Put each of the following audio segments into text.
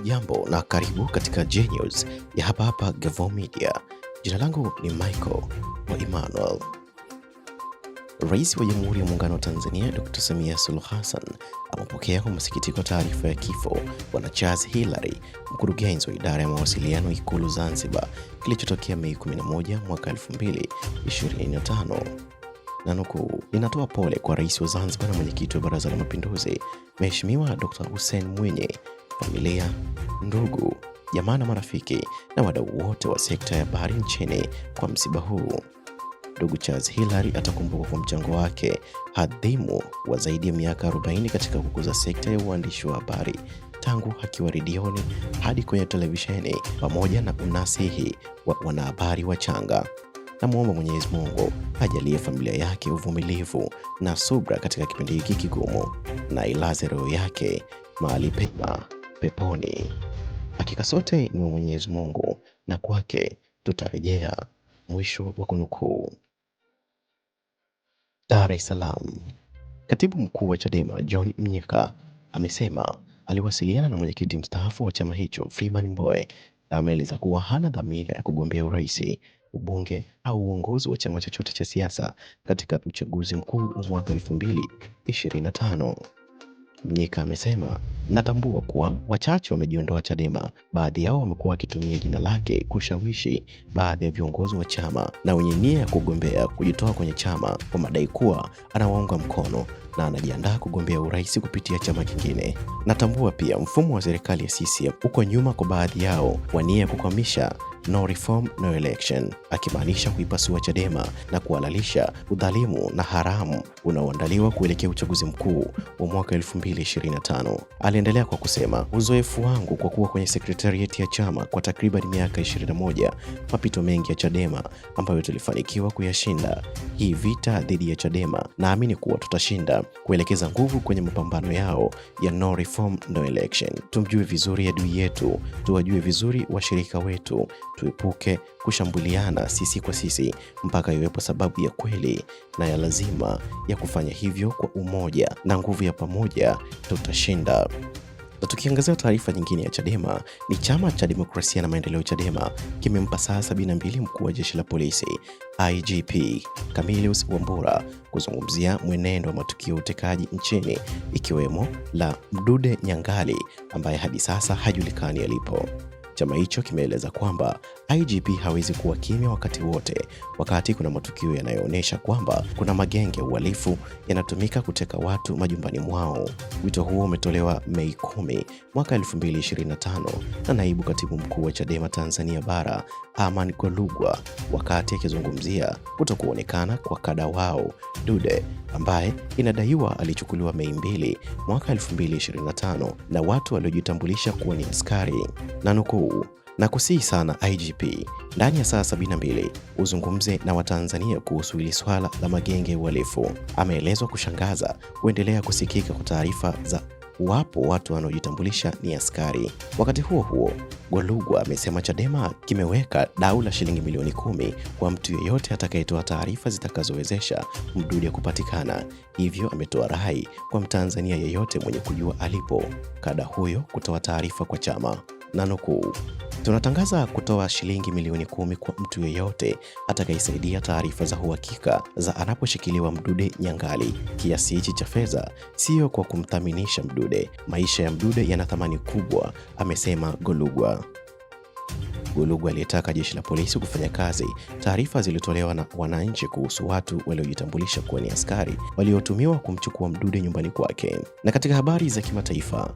Ujambo na karibu katika J News ya hapa hapa Gavo Media. Jina langu ni Michael wa Emmanuel. Rais wa Jamhuri ya Muungano wa Tanzania Dr. Samia Suluhu Hassan amepokea kwa masikitiko taarifa ya kifo Bwana Charles Hilary, mkurugenzi wa idara ya mawasiliano Ikulu Zanzibar, kilichotokea Mei 11 mwaka 2025. Na nukuu, ninatoa pole kwa rais wa Zanzibar na mwenyekiti wa Baraza la Mapinduzi Mheshimiwa Dr. Hussein Mwinyi familia, ndugu, jamaa na marafiki na wadau wote wa sekta ya habari nchini kwa msiba huu. Ndugu Charles Hilary atakumbukwa kwa mchango wake hadhimu wa zaidi ya miaka 40 katika kukuza sekta ya uandishi wa habari tangu akiwa redioni hadi kwenye televisheni pamoja na unasihi wa wanahabari wachanga. Namwomba Mwenyezi Mungu ajalie familia yake uvumilivu na subra katika kipindi hiki kigumu na ilaze roho yake mahali pema peponi. Hakika sote ni wa Mwenyezi Mungu na kwake tutarejea. Mwisho wa kunukuu. Dar es Salaam. Katibu mkuu wa Chadema John Mnyika amesema aliwasiliana na mwenyekiti mstaafu wa chama hicho Freeman Mbowe na ameeleza kuwa hana dhamira ya kugombea urais, ubunge au uongozi wa chama chochote cha siasa katika uchaguzi mkuu wa mwaka 2025. Mnyika amesema natambua kuwa wachache wamejiondoa Chadema. Baadhi yao wamekuwa wakitumia jina lake kushawishi baadhi ya viongozi wa chama na wenye nia ya kugombea kujitoa kwenye chama kwa madai kuwa anawaunga mkono na anajiandaa kugombea urais kupitia chama kingine. Natambua pia mfumo wa serikali ya CCM uko nyuma kwa baadhi yao wania kukwamisha no reform no election, akimaanisha kuipasua Chadema na kuhalalisha udhalimu na haramu unaoandaliwa kuelekea uchaguzi mkuu wa mwaka 2025. Aliendelea kwa kusema, uzoefu wangu kwa kuwa kwenye sekretarieti ya chama kwa takriban miaka 21, mapito mengi ya Chadema ambayo tulifanikiwa kuyashinda. Hii vita dhidi ya Chadema naamini kuwa tutashinda, kuelekeza nguvu kwenye mapambano yao ya no reform no election. Tumjue vizuri adui yetu, tuwajue vizuri washirika wetu tuepuke kushambuliana sisi kwa sisi mpaka iwepo sababu ya kweli na ya lazima ya kufanya hivyo. Kwa umoja na nguvu ya pamoja tutashinda. Na tukiangazia taarifa nyingine ya Chadema ni chama cha demokrasia na maendeleo Chadema kimempa saa 72 mkuu wa jeshi la polisi IGP Camillus Wambura kuzungumzia mwenendo wa matukio ya utekaji nchini ikiwemo la Mdude Nyangali ambaye hadi sasa hajulikani alipo. Chama hicho kimeeleza kwamba IGP hawezi kuwa kimya wakati wote, wakati kuna matukio yanayoonyesha kwamba kuna magenge ya uhalifu yanatumika kuteka watu majumbani mwao. Wito huo umetolewa Mei 10 mwaka 2025 na naibu katibu mkuu wa Chadema Tanzania Bara Aman Golugwa wakati akizungumzia kutokuonekana kwa kada wao Dude ambaye inadaiwa alichukuliwa Mei 2 mwaka 2025 na watu waliojitambulisha kuwa ni askari na nukuu na kusihi sana IGP ndani ya saa 72 uzungumze na Watanzania kuhusu hili swala la magenge ya uhalifu. Ameelezwa kushangaza kuendelea kusikika kwa taarifa za wapo watu wanaojitambulisha ni askari. Wakati huo huo, Golugwa amesema Chadema kimeweka dau la shilingi milioni kumi kwa mtu yeyote atakayetoa taarifa zitakazowezesha Mdude kupatikana. Hivyo ametoa rai kwa Mtanzania yeyote mwenye kujua alipo kada huyo kutoa taarifa kwa chama na nukuu, Tunatangaza kutoa shilingi milioni kumi kwa mtu yeyote atakayesaidia taarifa za uhakika za anaposhikiliwa Mdude Nyangali. Kiasi hichi cha fedha siyo kwa kumthaminisha Mdude, maisha ya Mdude yana thamani kubwa, amesema Golugwa. Golugwa aliyetaka jeshi la polisi kufanya kazi. Taarifa zilitolewa na wananchi kuhusu watu waliojitambulisha kuwa ni askari waliotumiwa kumchukua Mdude nyumbani kwake. Na katika habari za kimataifa,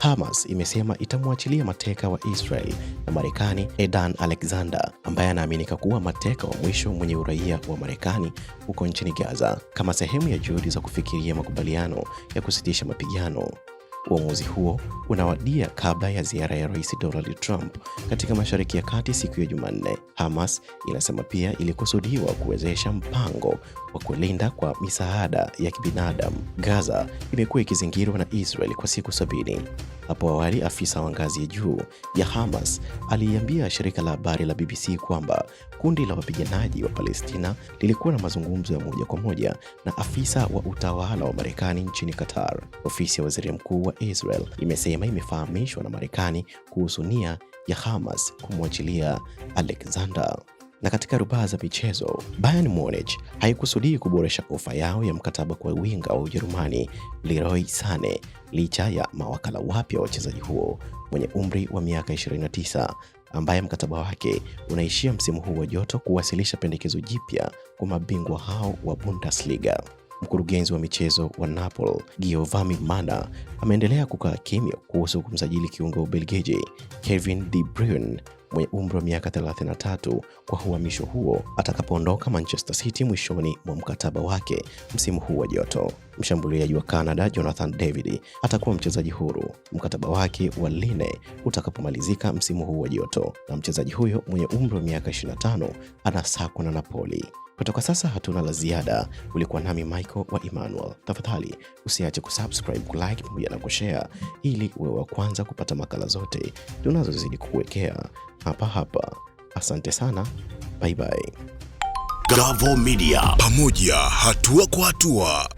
Hamas imesema itamwachilia mateka wa Israel na Marekani Edan Alexander ambaye anaaminika kuwa mateka wa mwisho mwenye uraia wa Marekani huko nchini Gaza kama sehemu ya juhudi za kufikiria makubaliano ya kusitisha mapigano. Uamuzi huo unawadia kabla ya ziara ya Rais Donald Trump katika Mashariki ya Kati siku ya Jumanne. Hamas inasema pia ilikusudiwa kuwezesha mpango wa kulinda kwa misaada ya kibinadamu. Gaza imekuwa ikizingirwa na Israel kwa siku sabini. Hapo awali afisa wa ngazi ya juu ya Hamas aliiambia shirika la habari la BBC kwamba kundi la wapiganaji wa Palestina lilikuwa na mazungumzo ya moja kwa moja na afisa wa utawala wa Marekani nchini Qatar. Ofisi ya waziri mkuu wa Israel imesema imefahamishwa na Marekani kuhusu nia ya Hamas kumwachilia Alexander na katika rubaa za michezo, Bayern Munich haikusudii kuboresha ofa yao ya mkataba kwa winga wa Ujerumani Leroy Sane licha ya mawakala wapya wa wachezaji huo mwenye umri wa miaka 29 ambaye mkataba wake unaishia msimu huu wa joto kuwasilisha pendekezo jipya kwa mabingwa hao wa Bundesliga. Mkurugenzi wa michezo wa Napoli Giovanni Manda ameendelea kukaa kimya kuhusu kumsajili kiungo wa Ubelgiji Kevin De Bruyne mwenye umri wa miaka 33 kwa uhamisho huo atakapoondoka Manchester City mwishoni mwa mkataba wake msimu huu wa joto. Mshambuliaji wa Canada Jonathan David atakuwa mchezaji huru mkataba wake wa line utakapomalizika msimu huu wa joto, na mchezaji huyo mwenye umri wa miaka 25 anasakwa na Napoli. Kutoka sasa hatuna la ziada. Ulikuwa nami Michael wa Emmanuel. Tafadhali usiache kusubscribe, kulike pamoja na kushare ili uwe wa kwanza kupata makala zote tunazozidi kukuwekea hapa hapa. Asante sana, bye bye. Gavoo Media, pamoja hatua kwa hatua.